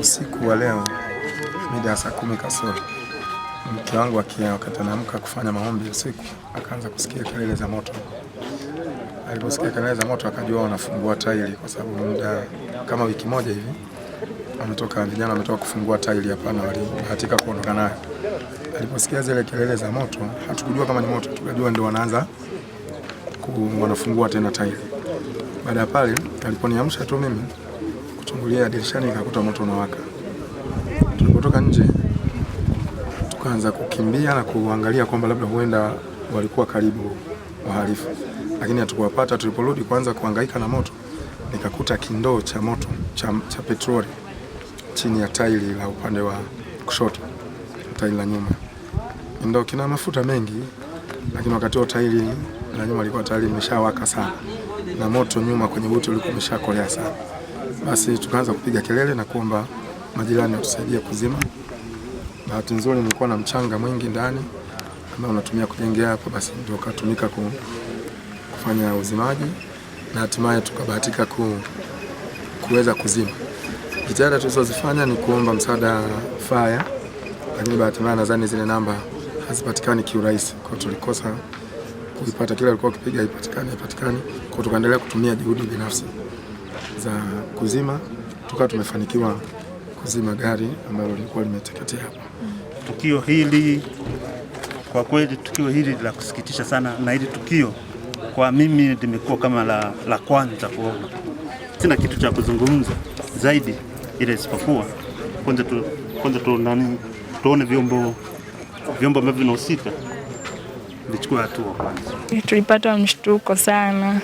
Usiku wa leo mida ya saa kumi kasoro mke wangu akia, wakati anaamka kufanya maombi usiku, akaanza kusikia kelele za moto. Aliposikia kelele za moto, akajua wanafungua taili, kwa sababu muda kama wiki moja hivi ametoka vijana, wametoka kufungua taili. Hapana, walibahatika kuondoka naye. Aliposikia zile kelele za moto, hatukujua kama ni moto, tukajua ndio wanaanza wanafungua tena taili. Baada ya pale, aliponiamsha tu mimi Tulichungulia dirishani nikakuta moto unawaka. Tulipotoka nje tukaanza kukimbia na kuangalia kwamba labda huenda walikuwa karibu wahalifu, lakini hatukuwapata. Tuliporudi kuanza kuhangaika na moto, nikakuta kindoo cha moto cha, cha petroli chini ya tairi la upande wa kushoto, tairi la nyuma. Kindoo kina mafuta mengi, lakini wakati huo tairi la nyuma lilikuwa tayari limeshawaka sana na moto nyuma kwenye buti ulikuwa umeshakolea sana. Basi tukaanza kupiga kelele na kuomba majirani watusaidie kuzima. Bahati nzuri nilikuwa na mchanga mwingi ndani ambao unatumia kujengea hapa, basi ndio katumika kufanya uzimaji na hatimaye tukabahatika ku, kuweza kuzima. Jitihada tulizozifanya ni kuomba msaada faya, lakini bahati mbaya nadhani zile namba hazipatikani kiurahisi, kwa tulikosa kuipata, kile alikuwa kipiga, haipatikani haipatikani, kwa tukaendelea kutumia juhudi binafsi za kuzima, tukawa tumefanikiwa kuzima gari ambalo lilikuwa limeteketea hapa. Tukio hili kwa kweli, tukio hili la kusikitisha sana, na hili tukio kwa mimi limekuwa kama la, la kwanza kuona. Sina kitu cha kuzungumza zaidi ile isipokuwa kwanza tu, kwanza tu nani tuone vyombo vyombo ambavyo vinahusika vichukua hatua kwanza. Tulipata mshtuko sana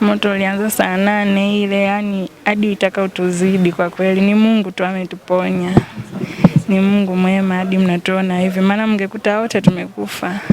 Moto ulianza saa nane ile, yani hadi utuzidi. kwa kweli, ni Mungu tu ametuponya. Ni Mungu mwema hadi mnatuona hivi, maana mngekuta wote tumekufa.